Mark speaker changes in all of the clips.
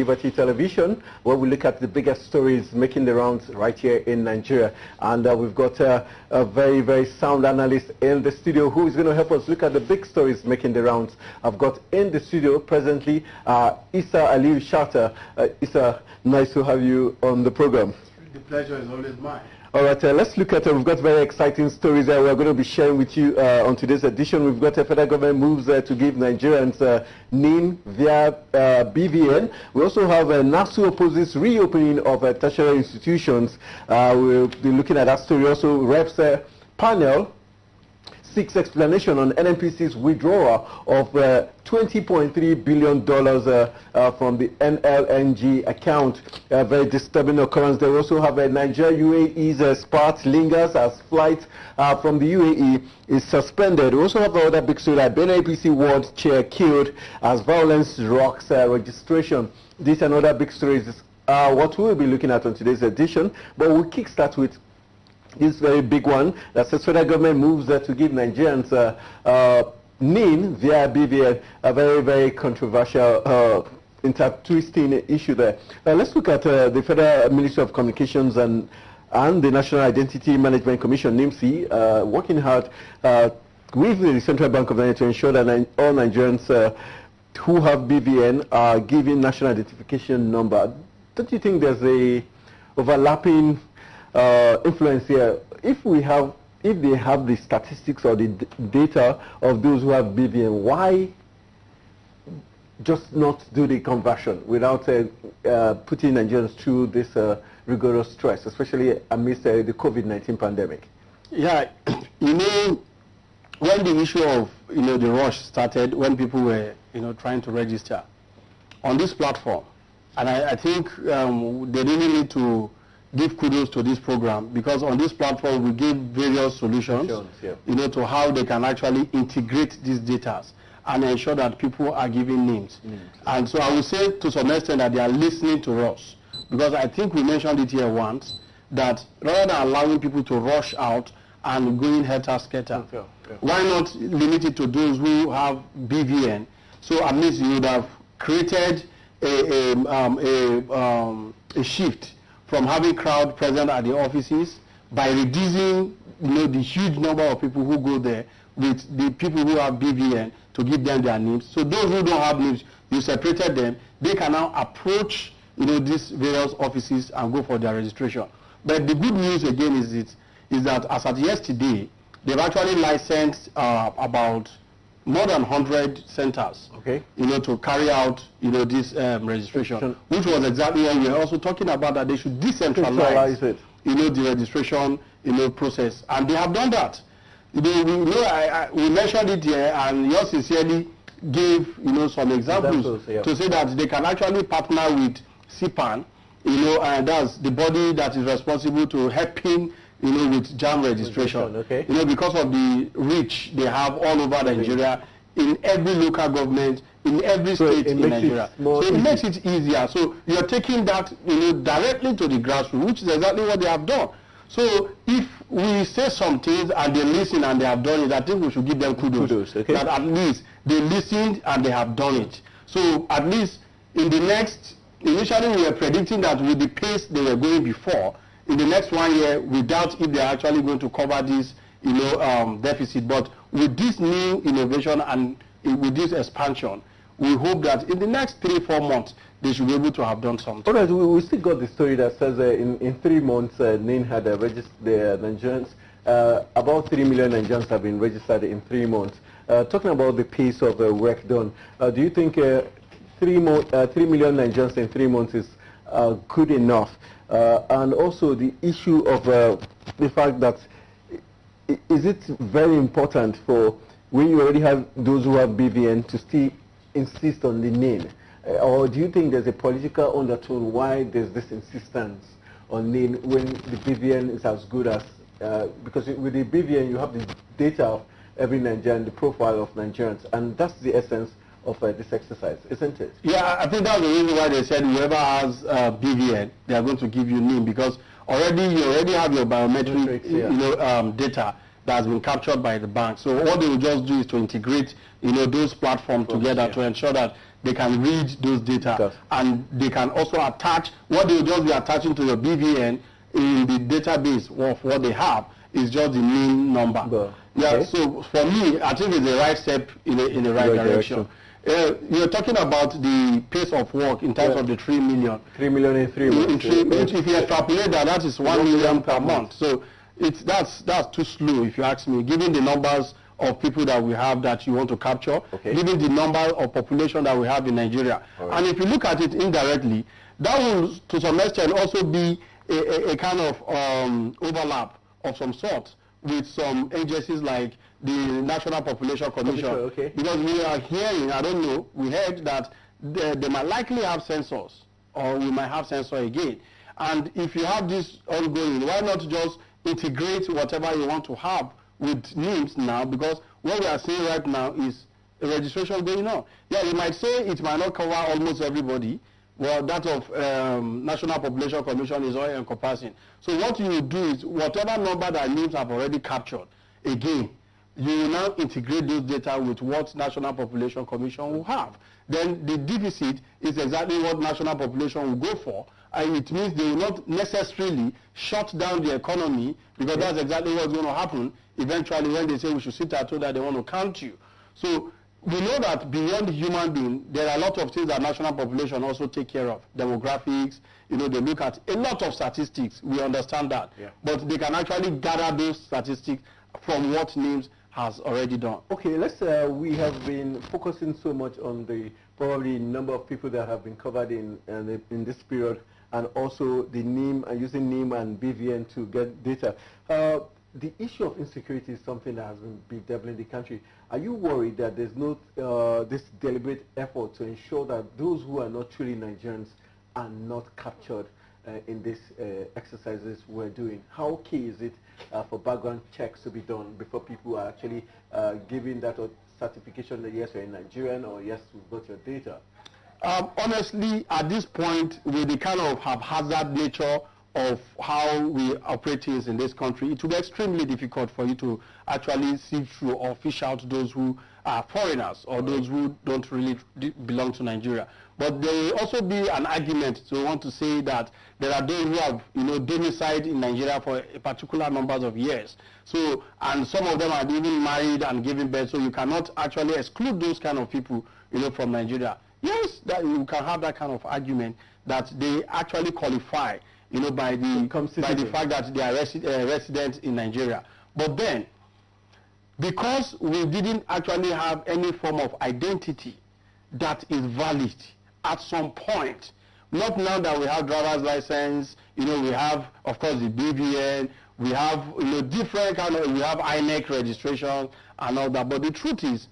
Speaker 1: Liberty Television, where we look at the biggest stories making the rounds right here in Nigeria. And uh, we've got uh, a very, very sound analyst in the studio who is going to help us look at the big stories making the rounds. I've got in the studio presently uh, Issa Aliu Shatta. Uh, Issa, nice to have you on the program.
Speaker 2: The pleasure is always mine.
Speaker 1: All right, uh, let's look at it. Uh, we've got very exciting stories that we're going to be sharing with you uh, on today's edition. We've got a federal government moves uh, to give Nigerians uh, NIN via uh, BVN. We also have uh, NASU opposes reopening of uh, tertiary institutions. we'll be looking at that story. Also, reps panel seeks explanation on NNPC's withdrawal of uh, $20.3 billion uh, uh, from the NLNG account. A very disturbing occurrence. They also have a Nigeria UAE's uh, spot lingers as flight uh, from the UAE is suspended. We also have another big story that BNAPC World Chair killed as violence rocks uh, registration. This another big story. Uh, what we'll be looking at on today's edition. But we'll kickstart with this very big one that says federal government moves uh, to give Nigerians uh, uh, NIN via BVN, a very, very controversial uh, intertwisting issue there. Uh, let's look at uh, the Federal Ministry of Communications and and the National Identity Management Commission, (NIMC) uh, working hard uh, with the Central Bank of Nigeria to ensure that all Nigerians uh, who have BVN are given national identification number. Don't you think there's a overlapping uh, influence here. If we have, if they have the statistics or the data of those who have BVN, why just not do the conversion without uh, uh, putting Nigerians through this uh, rigorous stress, especially amidst uh, the COVID-19 pandemic?
Speaker 2: Yeah, you know, when the issue of, you know, the rush started, when people were, you know, trying to register on this platform, and I, I think um, they really need to give kudos to this program because on this platform we give various solutions, yeah. you know, to how they can actually integrate these data and ensure that people are giving names. Mm. And so I would say to some extent that they are listening to us because I think we mentioned it here once that rather than allowing people to rush out and going helter skelter, okay, yeah. why not limit it to those who have BVN? So at least you would have created a, a, um, a, um, a shift from having crowd present at the offices by reducing you know, the huge number of people who go there with the people who have BVN to give them their names. So those who don't have names, you separated them. They can now approach you know, these various offices and go for their registration. But the good news again is, it, is that as at yesterday, they've actually licensed uh, about more than 100 centers, okay. you know, to carry out, you know, this um, registration, which was exactly what we are also talking about, that they should decentralize, it. you know, the registration, you know, process. And they have done that. we, you know, I, I, we mentioned it here, and yours sincerely gave, you know, some examples yeah. to say that they can actually partner with CPAN, you know, and that's the body that is responsible to helping you know, with jam registration. Okay. You know, because of the reach they have all over Nigeria, in every local government, in every so state in Nigeria. So it easy. makes it easier. So you're taking that, you know, directly to the grassroots, which is exactly what they have done. So if we say some things and they listen and they have done it, I think we should give them kudos. kudos okay. That at least they listened and they have done it. So at least in the next, initially we were predicting that with the pace they were going before, in the next one year, we doubt if they're actually going to cover this you know, um, deficit. But with this new innovation and with this expansion, we hope that in the next three, four months, they should be able to have done something.
Speaker 1: All right, we, we still got the story that says uh, in, in three months, uh, NIN had uh, registered the uh, Nigerians. Uh, about 3 million Nigerians have been registered in three months. Uh, talking about the pace of uh, work done, uh, do you think three, mo 3 million Nigerians in three months is good enough? uh, and also the issue of uh, the fact that is it very important for when you already have those who have BVN to still insist on the name? Uh, or do you think there's a political undertone why there's this insistence on name when the BVN is as good as, uh, because with the BVN you have the data of every Nigerian, the profile of Nigerians, and that's the essence of uh, this exercise, isn't it?
Speaker 2: Yeah, I think that's the reason why they said whoever has uh, BVN, they are going to give you name because already you already have your biometric yeah. you know, um, data that has been captured by the bank. So what they will just do is to integrate you know, those platforms together yeah. to ensure that they can read those data yes. and they can also attach what they will just be attaching to your BVN in the database of what they have is just the name number. yeah, okay. so for me, I think it's the right step in the, in the right, right direction. direction. Uh, you're talking about the pace of work in terms yeah. of the 3 million. 3 million in 3 months. In three, If you extrapolate that, that is 1 million, million per month. month. So it's, that's, that's too slow, if you ask me, given the numbers of people that we have that you want to capture, okay. given the number of population that we have in Nigeria. Right. And if you look at it indirectly, that will, to some extent, also be a, a, a kind of um, overlap of some sort with some agencies like the National Population Commission. Okay. Because we are hearing, I don't know, we heard that they, they might likely have sensors or we might have sensor again. And if you have this ongoing, why not just integrate whatever you want to have with NIMS now? Because what we are seeing right now is registration going on. Yeah, you might say it might not cover almost everybody, well, that of um, National Population Commission is all encompassing. So what you do is whatever number that leaves have already captured, again, you will now integrate those data with what National Population Commission will have. Then the deficit is exactly what National Population will go for, and it means they will not necessarily shut down the economy because yeah. that's exactly what's going to happen eventually when they say we should sit at home that they want to count you. So we know that beyond human being, there are a lot of things that national population also take care of. Demographics, you know, they look at a lot of statistics. We understand that. Yeah. But they can actually gather those statistics from what names has already done.
Speaker 1: Okay, let's, uh, we have been focusing so much on the probably number of people that have been covered in, in, in this period and also the name and uh, using name and BVN to get data. Uh, the issue of insecurity is something that has been bedeviling the country. Are you worried that there's no uh, this deliberate effort to ensure that those who are not truly Nigerians are not captured uh, in these uh, exercises we're doing? How key is it uh, for background checks to be done before people are actually uh, given that certification that yes, you're a Nigerian or yes, we've got your data?
Speaker 2: Um, honestly, at this point, with the kind of haphazard nature of how we operate things in this country, it will be extremely difficult for you to actually see through or fish out those who are foreigners or right. those who don't really belong to Nigeria. But there will also be an argument to want to say that there are those who have, you know, domiciled in Nigeria for a particular numbers of years. So, and some of them are even married and giving birth, so you cannot actually exclude those kind of people, you know, from Nigeria. Yes, that you can have that kind of argument that they actually qualify you know, by the by the fact that they are resi uh, residents in Nigeria. But then, because we didn't actually have any form of identity that is valid at some point, not now that we have driver's license, you know, we have, of course, the BVN, we have, you know, different kind of, we have INEC registration and all that. But the truth is,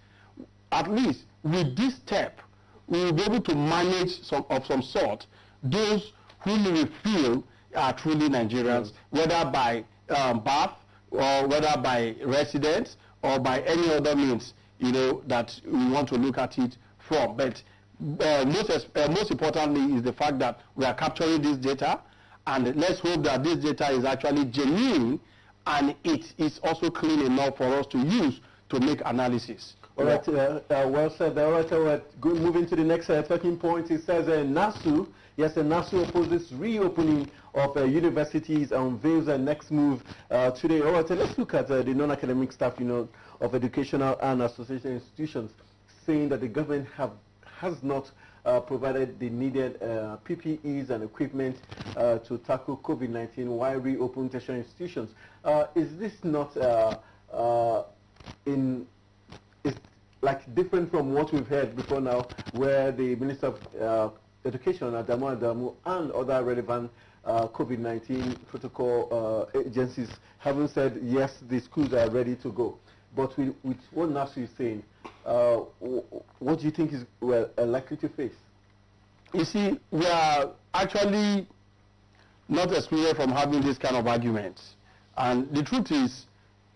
Speaker 2: at least with this step, we will be able to manage some, of some sort those whom we feel are truly Nigerians, mm. whether by um, birth or whether by residence or by any other means, you know, that we want to look at it from. But uh, most, uh, most importantly is the fact that we are capturing this data and let's hope that this data is actually genuine and it is also clean enough for us to use to make analysis. All right,
Speaker 1: uh, uh well said. All right, all right. Go, moving to the next uh, talking point, it says uh, NASU Yes, and NASU opposes reopening of uh, universities unveils their next move uh, today. All right, so let's look at uh, the non-academic staff you know, of educational and association institutions saying that the government have, has not uh, provided the needed uh, PPEs and equipment uh, to tackle COVID-19 while reopening tertiary institutions. Uh, is this not uh, uh, in like different from what we've heard before now, where the Minister of Education at Adamu Adamu and other relevant uh, COVID-19 protocol uh, agencies haven't said, yes, the schools are ready to go. But with, with what Nasu is saying,
Speaker 2: uh, what do you think is well, uh, likely to face? You see, we are actually not experienced from having this kind of arguments. And the truth is,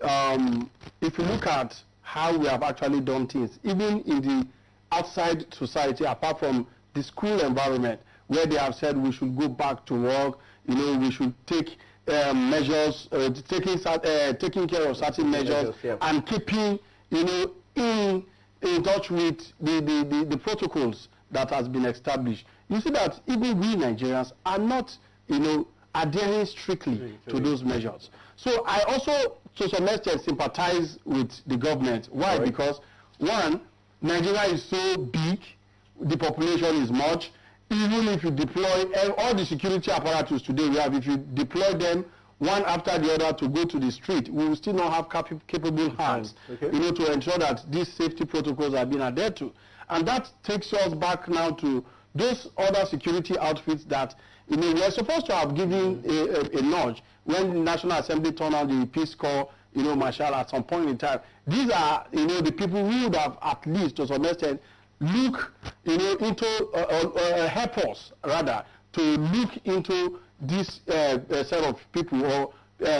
Speaker 2: um, if you look at how we have actually done things, even in the outside society, apart from the school environment where they have said we should go back to work, you know, we should take um, measures, uh, taking, uh, taking care of certain measures, measures yeah. and keeping, you know, in, in touch with the, the, the, the, protocols that has been established. You see that even we Nigerians are not, you know, adhering strictly to those measures. So I also, to some extent, sympathize with the government. Why? Right. Because, one, Nigeria is so big, the population is much even if you deploy eh, all the security apparatus today we have if you deploy them one after the other to go to the street we will still not have cap capable hands okay. you know to ensure that these safety protocols are being adhered to and that takes us back now to those other security outfits that you know we're supposed to have given mm-hmm. a, a, a nudge when the national assembly turned out the peace corps you know marshal at some point in time these are you know the people who would have at least to some extent look you know, into, uh, uh, uh, help us rather, to look into this uh, uh, set of people or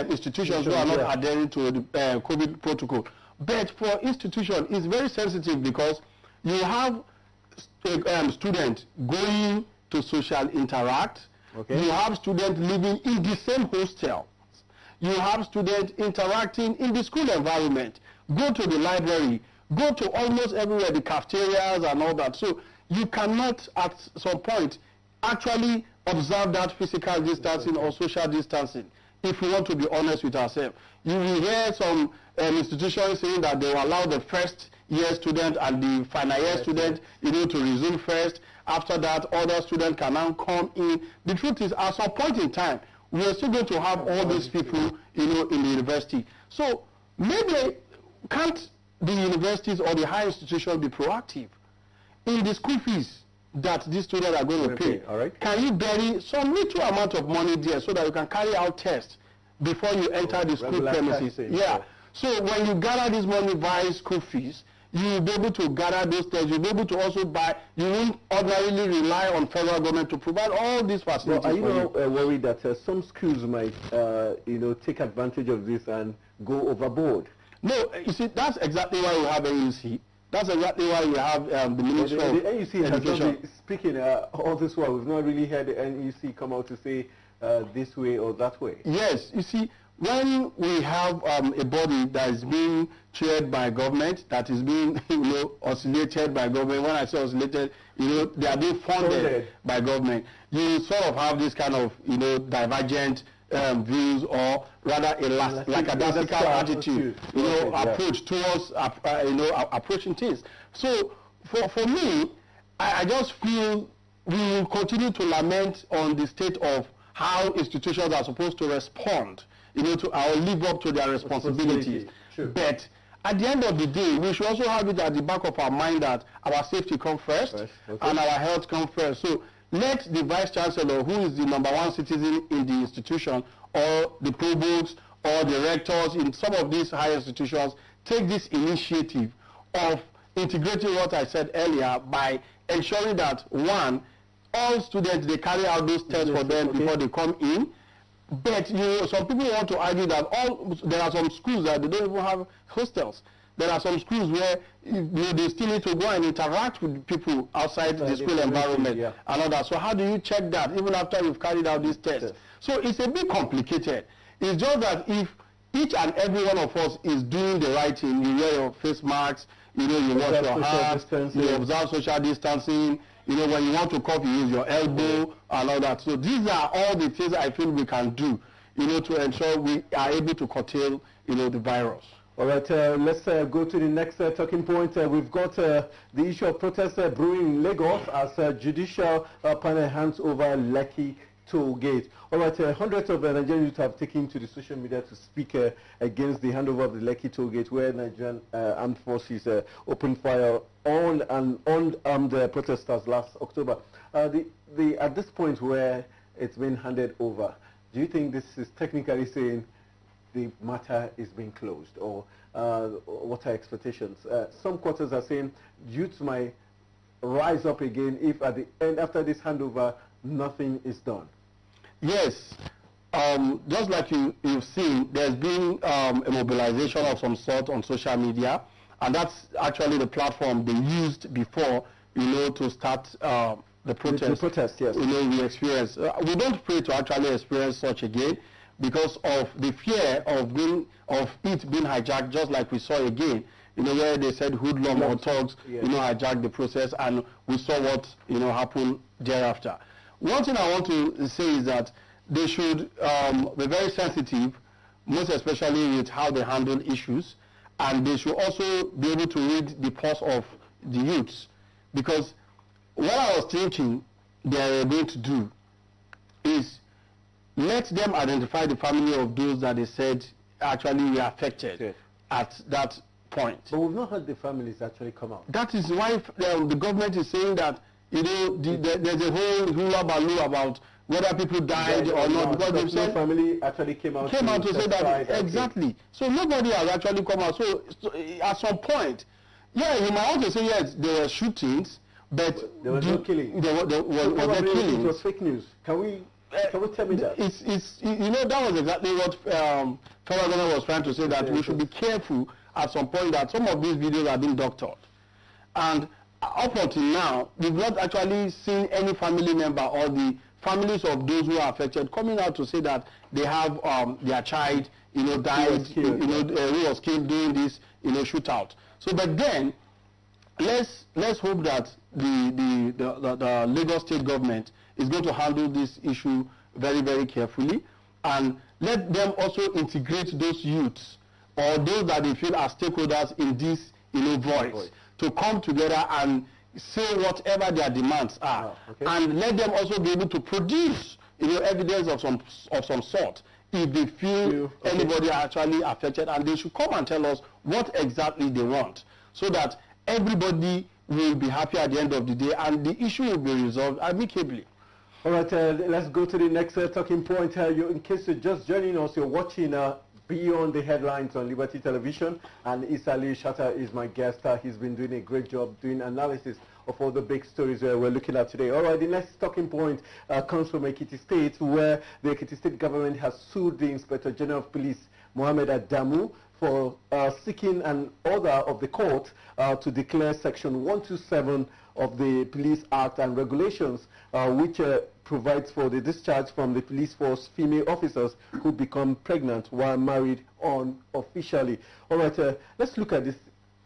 Speaker 2: institutions who are not adhering to the COVID protocol. But for institution, it's very sensitive because you have um, students going to social interact. Okay. You have students living in the same hostel. You have students interacting in the school environment. Go to the library. Go to almost everywhere, the cafeterias and all that. So you cannot at some point actually observe that physical distancing or social distancing if we want to be honest with ourselves. You will hear some um, institutions saying that they will allow the first year student and the final year student you know, to resume first. After that, other students can now come in. The truth is, at some point in time, we are still going to have all these people you know, in the university. So maybe can't the universities or the higher institution be proactive in the school fees that these students are going to pay. pay. All right. Can you bury some little amount of money there so that you can carry out tests before you enter oh, the school premises? yeah. So when you gather this money via school fees, you will be able to gather those tests. You'll be able to also buy. You won't ordinarily rely on federal government to provide all these facilities. Well, are you
Speaker 1: uh, worried that uh, some schools might, uh, you know, take advantage of
Speaker 2: this and go overboard? No, you see, that's exactly why we have AUC. That's exactly why we have um, the Ministry the, the, the AUC has not been
Speaker 1: speaking uh, all this while. We've not really heard the NEC come out to say uh, this way or that way.
Speaker 2: Yes, you see, when we have um, a body that is being chaired by government, that is being, you know, oscillated by government, when I say oscillated, you know, they are being funded, funded. by government, you sort of have this kind of, you know, divergent um, views or rather a a lackadaisical attitude, you know, okay, approach yeah. towards, uh, uh, you know, uh, approaching things. So for, for me, I, I just feel we will continue to lament on the state of how institutions are supposed to respond, you know, to uh, or live up to their responsibilities. Sure. But at the end of the day, we should also have it at the back of our mind that our safety comes first, first okay. and our health comes first. So let the vice chancellor, who is the number one citizen in the institution, or the provost, or the rectors in some of these higher institutions, take this initiative of integrating what I said earlier by ensuring that one, all students they carry out those tests yes, for them okay. before they come in. But you know, some people want to argue that all there are some schools that they don't even have hostels. There are some schools where you know, they still need to go and interact with people outside the school environment yeah. and all that. So how do you check that even after you've carried out this test? So it's a bit complicated. It's just that if each and every one of us is doing the right thing, you wear your face masks, you know, you wash your hands, you observe social distancing, you know, when you want to cough, you use your elbow and all that. So these are all the things I feel we can do, you know, to ensure we are able to curtail, you know, the virus. All right, uh, let's uh, go to the next uh, talking point. Uh, we've got
Speaker 1: uh, the issue of protests uh, brewing in Lagos as judicial panel hands over Lekki toll gate. All right, hundreds of Nigerian youth have taken to the social media to speak against the handover of the Lekki toll gate where Nigerian armed forces opened fire on and unarmed protesters last October. The, the, at this point where it's been handed over, do you think this is technically saying the matter is being closed or uh, what are expectations. Uh, some quarters are saying youths might rise up again if at the end, after this handover, nothing
Speaker 2: is done. Yes. Um, just like you, have seen, there's been um, a mobilization of some sort on social media, and that's actually the platform they used before, you know, to start uh, the protest. The, the protest, yes. You know, we experience. Uh, we don't pray to actually experience such again because of the fear of being of it being hijacked, just like we saw again. You know where they said hoodlum or thugs, yes. you know, hijacked the process, and we saw what you know happened thereafter. One thing I want to say is that they should um, be very sensitive, most especially with how they handle issues, and they should also be able to read the pulse of the youths, because what I was thinking they are going to do is let them identify the family of those that they said actually were affected okay. at that point. But we've not heard the families actually come out. That is why um, the government is saying that you know the, the, there's a whole hullabaloo about whether people died yeah, or not because they said no family actually came out came to out to say that exactly. So nobody has actually come out. So, so at some point, yeah, you might also say yes, there were shootings, but there was no killing. There there was, was there It was fake news. Can we uh, Can we tell me that? It's, it's, you know, that was exactly what um, Governor was trying to say, that we should be careful at some point that some of these videos have been doctored. And up until now, we've not actually seen any family member or the families of those who are affected coming out to say that they have um, their child, you know, died, you know, uh, who was killed during this, you know, shootout. So, but then, let's let's hope that the the the, the, the Lagos state government is going to handle this issue very, very carefully. And let them also integrate those youths or those that they feel are stakeholders in this you know, voice, to come together and say whatever their demands are. Oh, okay. And let them also be able to produce you know, evidence of some, of some sort if they feel you, okay. anybody actually affected and they should come and tell us what exactly they want so that everybody will be happy at the end of the day and the issue will be resolved amicably. All right,
Speaker 1: uh, let's go to the next uh, talking point. Uh, you, in case you're just joining us, you're watching uh, Beyond the Headlines on Liberty Television, and Isali Shatter is my guest. Uh, he's been doing a great job doing analysis of all the big stories uh, we're looking at today. All right, the next talking point uh, comes from Ekiti State, where the Ekiti State government has sued the Inspector General of Police, Mohamed Adamu, for uh, seeking an order of the court uh, to declare Section 127 of the Police Act and regulations, uh, which provides for the discharge from the police force female officers who become pregnant while married unofficially. All right, uh, let's look at this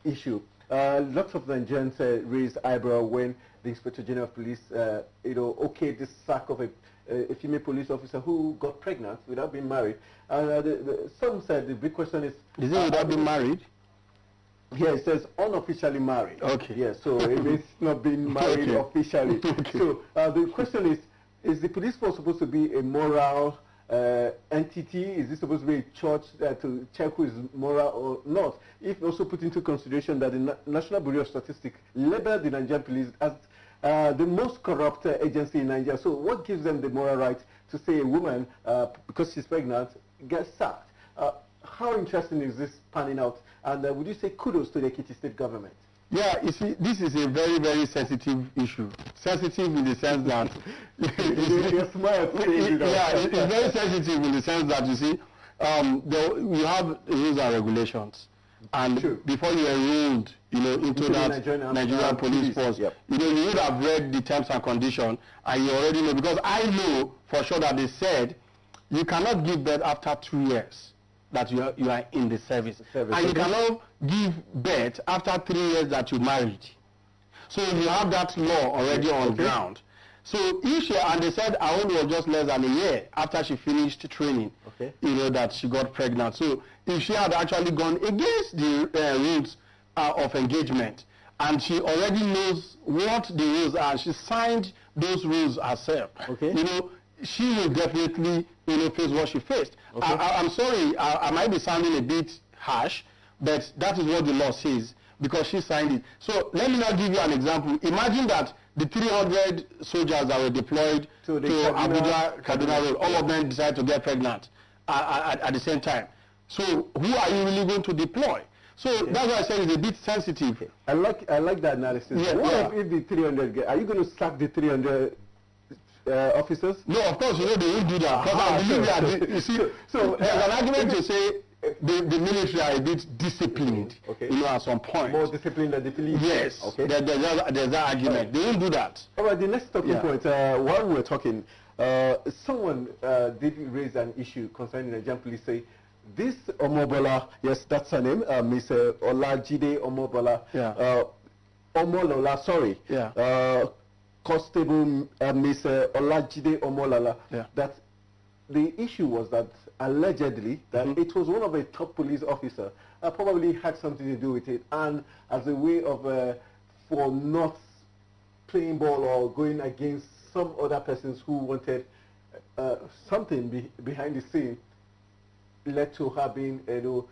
Speaker 1: issue. Uh, lots of Nigerians uh, raised eyebrow when the Inspector General of Police, uh, you know, okayed the sack of a, a, female police officer who got pregnant without being married. And uh, the, the, some said the big question is... Is it without being married? Yeah, it says unofficially married. Okay. Yeah, so it means not being married okay. officially. okay. So uh, the question is, is the police force supposed to be a moral uh, entity? Is this supposed to be a church uh, to check who is moral or not? If also put into consideration that the Na National Bureau of Statistics labeled the Nigerian police as uh, the most corrupt agency in Nigeria. So what gives them the moral right to say a woman, uh, because she's pregnant, gets sacked? Uh, how interesting is this panning out? And uh, would you say kudos to the Kiti state government?
Speaker 2: Yeah, you see, this is a very, very sensitive issue. Sensitive in the sense that... it's, yeah, it's very sensitive in the sense that, you see, um, there, we have rules and regulations. And True. before you ruled, you know, into, into that Nigerian, Nigerian police, police force, yep. you know, you would have read the terms and conditions, and you already know, because I know for sure that they said, you cannot give birth after two years that you are, you are in the service. The service. And you cannot give birth after three years that you married. So you have that law already okay. on okay. ground. So if she, and they said Aoun was just less than a year after she finished training, okay. you know, that she got pregnant. So if she had actually gone against the uh, rules uh, of engagement, and she already knows what the rules are, she signed those rules herself, okay. you know, she will definitely you know, face what she faced. Okay. I, am sorry, I, I, might be sounding a bit harsh, but that is what the law says because she signed it. So let me now give you an example. Imagine that the 300 soldiers that were deployed to Abuja, Kaduna all of them decided to get pregnant at, uh, uh, at, at, the same time. So who are you really going to deploy? So yeah. that's why I said it's a bit sensitive. I like I like that
Speaker 1: analysis. Yeah, what yeah. if the 300 get, are you going to sack the 300 uh, officers?
Speaker 2: No, of course, you know, they will do that. Because ah, I believe sure, sure. you see, so uh, there's an uh, argument to say the, the military are a bit disciplined, okay. you know, at some point. More disciplined than the police. Yes, okay. there, there's, that, there's that argument. Right. They will do that. All right, the next talking yeah. point, uh, while we were talking,
Speaker 1: uh, someone uh, did raise an issue concerning the Nigerian police, say, this Omobola, yes, that's her name, uh, Miss uh, Olajide Omobola, yeah. Uh, Omolola, sorry, yeah. Constable uh, uh, Olajide Omolala yeah. that the issue was that allegedly that mm -hmm. it was one of a top police officer probably had something to do with it and as a way of uh, for not playing ball or going against some other persons who wanted uh, something be behind the scene led to her being you know,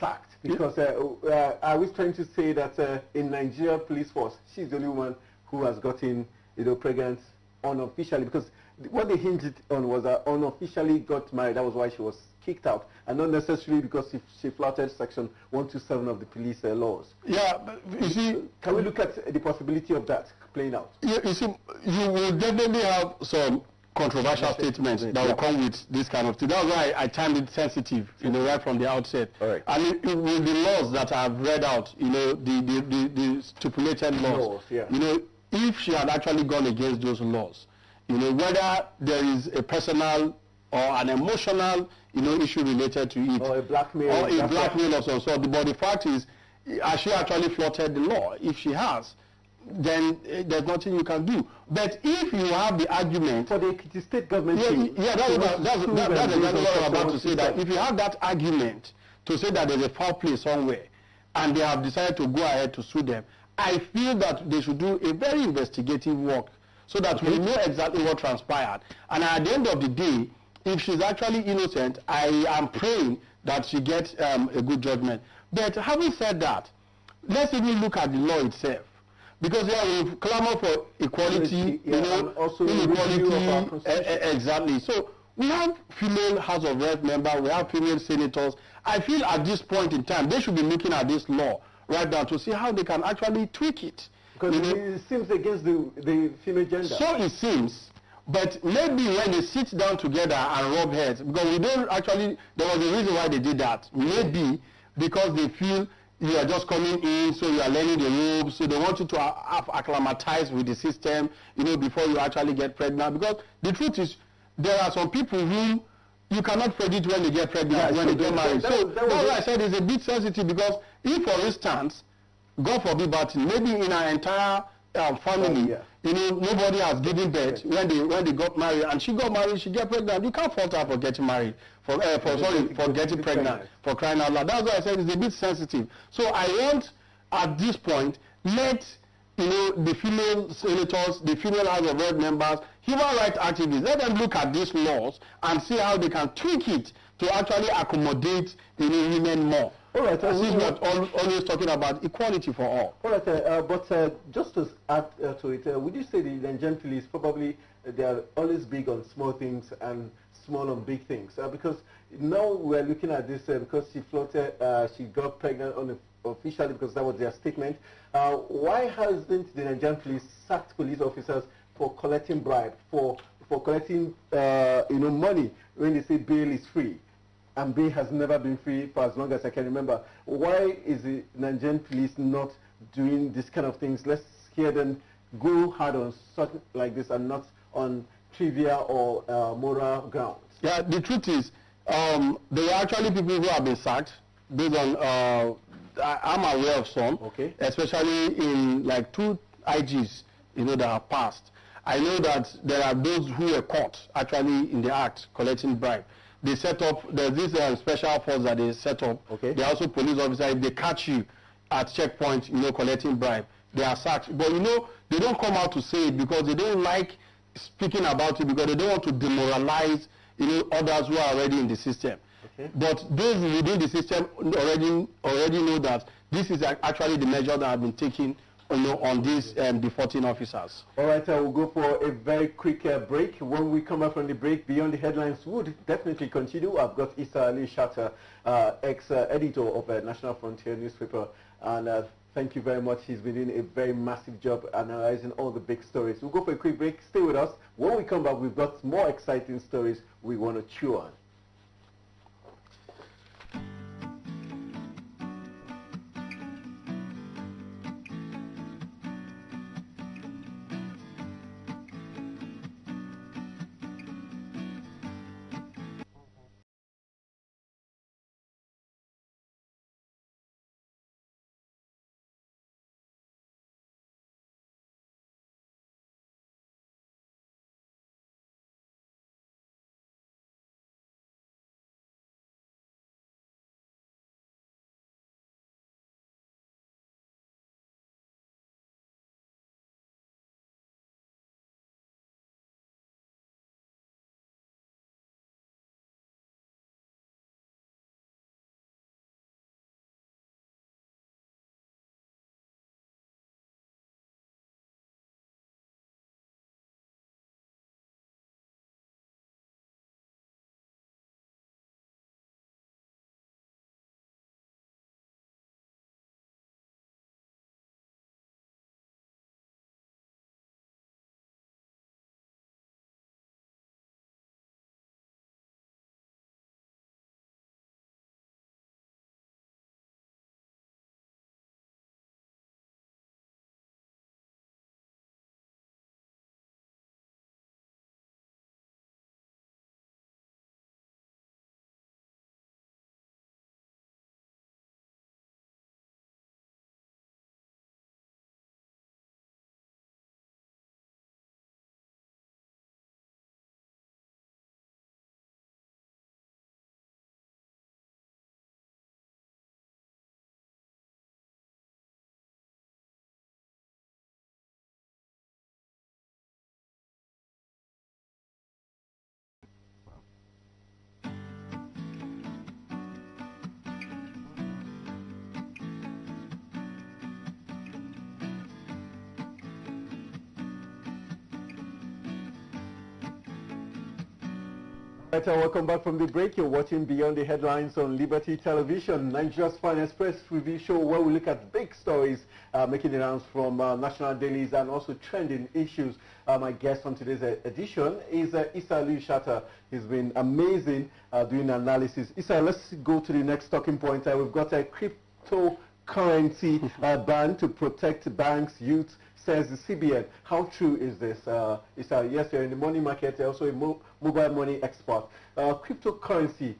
Speaker 1: sacked because uh, uh, I was trying to say that in Nigeria police force she's the only one who has gotten you know, pregnant unofficially because what they hinged on was that unofficially got married. That was why she was kicked out, and not necessarily because she, she flouted Section 127 of the police uh, laws. Yeah, but you see, can we look at the possibility of that playing out?
Speaker 2: Yeah, you see, you will definitely have some controversial statements that yeah. will come with this kind of thing. That's why I, I timed it sensitive, you know, right from the outset. All right. And it, the laws that I've read out, you know, the, the, the, the stipulated laws, laws yeah. you know, if she had actually gone against those laws. You know, whether there is a personal or an emotional, you know, issue related to it. Or a blackmail. Or a blackmail or some sort. But the fact is, has she actually flouted the law? If she has, then uh, there's nothing you can do. But if you have the argument for the state government, yeah, yeah that's, that, that's, that, that's exactly what I'm about to say. That if you have that argument to say that there's a foul play somewhere, and they have decided to go ahead to sue them, I feel that they should do a very investigative work so that okay. we know exactly what transpired. And at the end of the day, if she's actually innocent, I am praying that she gets um, a good judgment. But having said that, let's even look at the law itself. Because yeah, we clamor for equality, yeah, you know, also inequality, exactly. So we have female House of Rep members, we have female senators. I feel at this point in time, they should be looking at this law right down to see how they can actually tweak it. Because you know? it seems against the, the female gender. So it seems. But maybe when they sit down together and rub heads, because we don't actually, there was a reason why they did that. Maybe because they feel you are just coming in, so you are learning the ropes, so they want you to acclimatize with the system, you know, before you actually get pregnant. Because the truth is, there are some people who you cannot predict when they get pregnant, yeah, when so they get married. so that's why I said it's a bit sensitive because if, for instance, God forbid, but maybe in our entire uh, family, oh, yeah. you know, nobody has given birth okay. when they when they got married, and she got married, she get pregnant. You can't fault her for getting married, for uh, for sorry, for getting pregnant, for crying out loud. That's why I said it's a bit sensitive. So I want at this point let you know the female senators, the female House of Rep members, human rights activists, let them look at these laws and see how they can tweak it to actually accommodate the new women more. All right. Uh, Since we are always talking about equality for all. All
Speaker 1: right. Uh, uh but uh, just to add uh, to it, uh, would you say the Nigerian police probably they are always big on small things and small on big things? because now we're looking at this because she floated, she got pregnant on officially because that was their statement. why hasn't the Nigerian police sacked police officers for collecting bribe, for for collecting you know money when they say bail is free? and Bay has never been free for as long as I can remember. Why is the Nigerian police not doing this kind of things? Let's hear them go hard on such like this and not on trivia or
Speaker 2: uh, moral grounds. Yeah, the truth is, um, there are actually people who have been sacked based on, uh, I, am aware of some, okay. especially in like two IGs, you know, that have passed. I know that there are those who were caught actually in the act collecting bribe they set up there's this uh, special force that they set up okay they also police officer if they catch you at checkpoint you know collecting bribe they are sacked but you know they don't come out to say it because they don't like speaking about it because they don't want to demoralize you know others who are already in the system okay. but those within the system already already know that this is actually the measure that have been taken you know, on these um, 14 officers.
Speaker 1: All right, I will go for a very quick uh, break. When we come back from the break, Beyond the Headlines would definitely continue. I've got Issa Ali Shatter, uh, ex-editor of uh, National Frontier newspaper, and uh, thank you very much. He's been doing a very massive job analyzing all the big stories. We'll go for a quick break. Stay with us. When we come back, we've got more exciting stories we want to chew on. Right, welcome back from the break. You're watching Beyond the Headlines on Liberty Television, Nigeria's finest press review show where we look at big stories uh, making the rounds from uh, national dailies and also trending issues. Uh, my guest on today's uh, edition is uh, Issa Lee Shatter. He's been amazing uh, doing analysis. Issa, let's go to the next talking point. Uh, we've got a crypto currency uh, ban to protect banks, youth, says the CBN. How true is this? Uh, is, uh, yes, you're in the money market, you're also a mo mobile money expert. Uh, cryptocurrency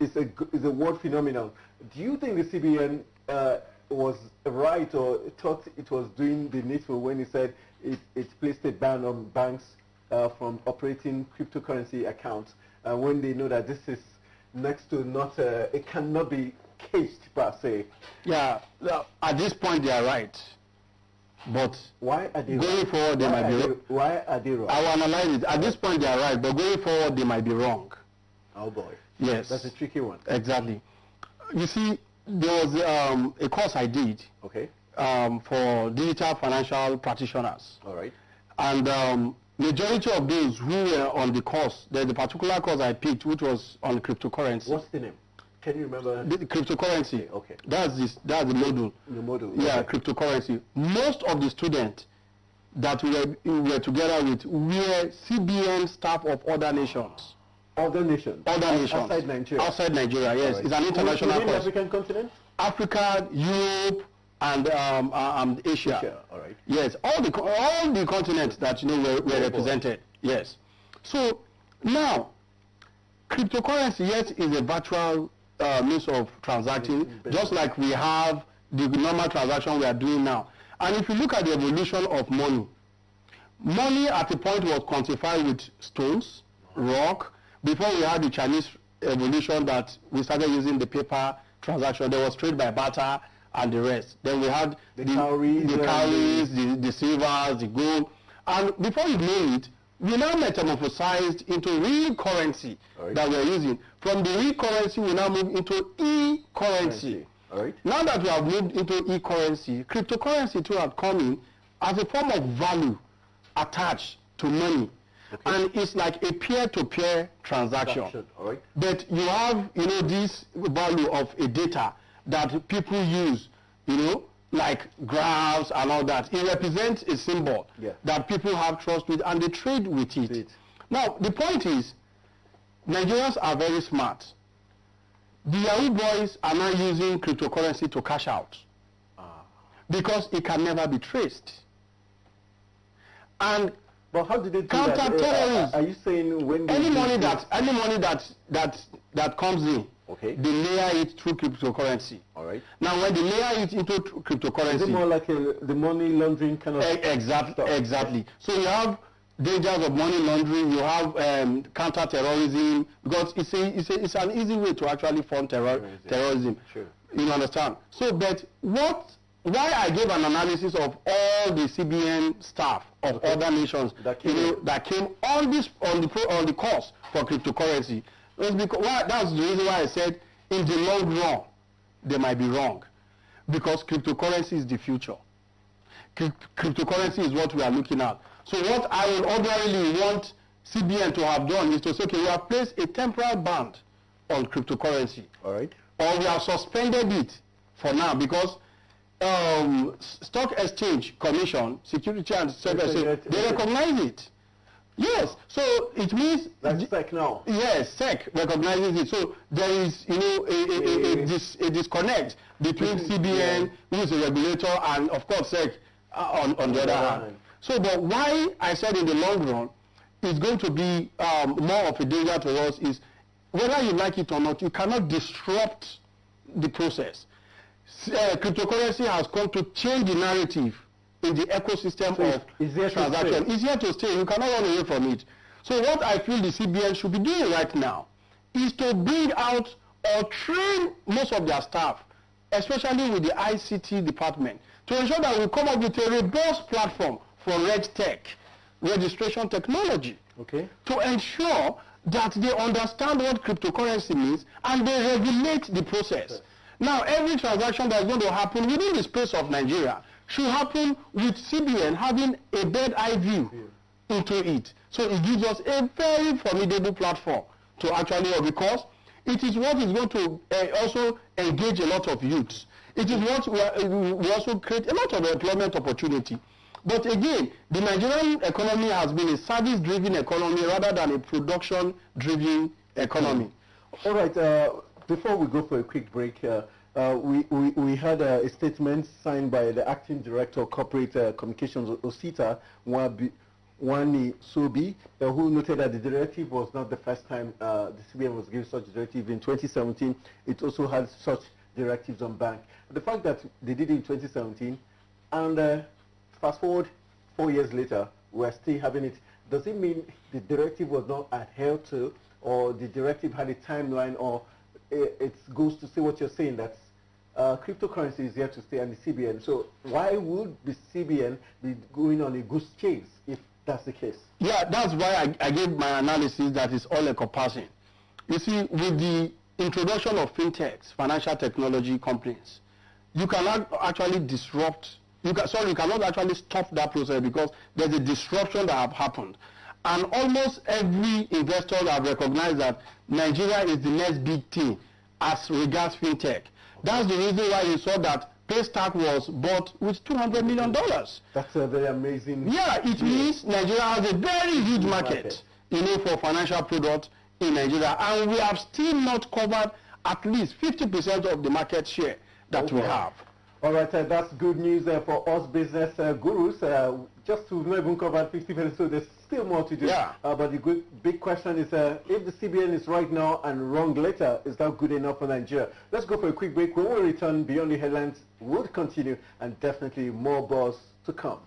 Speaker 1: is a, is a world phenomenon. Do you think the CBN uh, was right or thought it was doing the needful when it said it, it placed a ban on banks uh, from operating cryptocurrency accounts uh, when they know that this is next to not, uh, it cannot be
Speaker 2: caged per se. Yeah, at this point they are right. But why are they going forward they why might be wrong. Why are they wrong? I will analyze it. At this point they are right, but going forward they might be wrong. Oh boy. Yes. That's a tricky one. Exactly. You see, there was um, a course I did. Okay. Um, for digital financial practitioners. All right. And um, majority of those who were on the course, the, the particular course I picked, which was on cryptocurrency. What's the name?
Speaker 1: Can you remember?
Speaker 2: The, cryptocurrency. Okay. That's this. That's the module. The module. Yeah, okay. cryptocurrency. Most of the students that we were, we were together with were CBN staff of other nations. Other nations. Other nations. Outside Nigeria. Outside Nigeria. Yes, right. it's an international Within course. African continent. Africa, Europe, and um, uh, um, Asia. Asia. All right. Yes, all the all the continents that you know were, were represented. Yes. So now, cryptocurrency yes is a virtual uh, means of transacting, just like we have the normal transaction we are doing now. And if you look at the evolution of money, money at the point was quantified with stones, rock. Before we had the Chinese evolution that we started using the paper transaction, there was trade by barter and the rest. Then we had the, the cowries, the, cowries the, the silvers, the gold. And before you know it, we now metamorphosized into real currency right. that we're using. From the real currency, we now move into e-currency. Right. Now that we have moved into e-currency, cryptocurrency too have come in as a form of value attached to money. Okay. And it's like a peer-to-peer -peer transaction. That Right. But you have, you know, this value of a data that people use, you know, like graphs and all that. It represents a symbol yeah. that people have trust with and they trade with it. it. Now, the point is, Nigerians are very smart. The Yahoo boys are now using cryptocurrency to cash out ah. because it can never be traced. And but how did they do counter that? Are, are you saying when any money that any money that that that comes in Okay. They layer it through cryptocurrency. All right. Now, when they layer it into cryptocurrency, is it more like a, the money laundering kind of exactly, Exactly. So you have dangers of money laundering. You have um, counter-terrorism because it's a, it's, a, it's an easy way to actually fund terror terrorism. terrorism. Sure. You understand? So, but what? Why I gave an analysis of all the CBN staff of okay. other nations that came, you know, that came on this on the on the course for cryptocurrency it's because well, that's the reason why I said in the long run they might be wrong, because cryptocurrency is the future. cryptocurrency is what we are looking at. So what I would ordinarily want CBN to have done is to say, okay, we have placed a temporal ban on cryptocurrency. All right. Or we have suspended it for now because um, Stock Exchange Commission, Security and Services, they recognize it. Yes. So it means that's SEC now. Yes, SEC recognizes it. So there is, you know, a, a, a, a, dis, a disconnect between CBN, who is a regulator, and of course SEC uh, on, on the other hand. So, but why I said in the long run is going to be um, more of a danger to us is whether you like it or not, you cannot disrupt the process. Uh, cryptocurrency has come to change the narrative in the ecosystem so of transaction. easier to stay. You cannot run away from it. So what I feel the CBN should be doing right now is to bring out or train most of their staff, especially with the ICT department, to ensure that we come up with a robust platform for red tech, registration technology, okay. to ensure that they understand what cryptocurrency means and they regulate the process. Okay. Now, every transaction that's going to happen within the space of Nigeria should happen with CBN having a bird eye view yeah. into it. So it gives us a very formidable platform to actually, because it is what is going to uh, also engage a lot of youths. It is what we, are, we also create a lot of employment opportunity. But again, the Nigerian economy has been a service-driven economy rather than a production-driven economy. All right. Uh, before we go for a quick break, uh,
Speaker 1: uh, we, we, had a, a, statement signed by the acting director of corporate uh, communications, OSITA, Wani Sobi, uh, who noted that the directive was not the first time uh, the CBN was given such directive. In 2017, it also had such directives on bank. The fact that they did it in 2017, and uh, fast forward four years later, we're still having it. Does it mean the directive was not adhered to, or the directive had a timeline, or it, it, goes to see what you're saying that uh, cryptocurrency is here to stay and the CBN. So why would the CBN be going on a goose chase if that's the case?
Speaker 2: Yeah, that's why I, I gave my analysis that is all encompassing. You see, with the introduction of fintechs, financial technology companies, you cannot actually disrupt, you can, sorry, you cannot actually stop that process because there's a disruption that have happened. And almost every investor have recognized that Nigeria is the next big thing as regards fintech. That's the reason why you saw that Paystack was bought with $200 million. That's a very amazing... Yeah, it deal. means Nigeria has a very huge market, market, you know, for financial products in Nigeria. And we have still not covered at least 50% of the market share that okay. we have. All right, uh, that's good news uh, for us business uh, gurus.
Speaker 1: Uh, just to not even cover 50%, so there's still more to do. Yeah. Uh, but the good, big question is, uh, if the CBN is right now and wrong later, is that good enough for Nigeria? Let's go for a quick break. When we return, Beyond the Headlines would continue and definitely more buzz to come.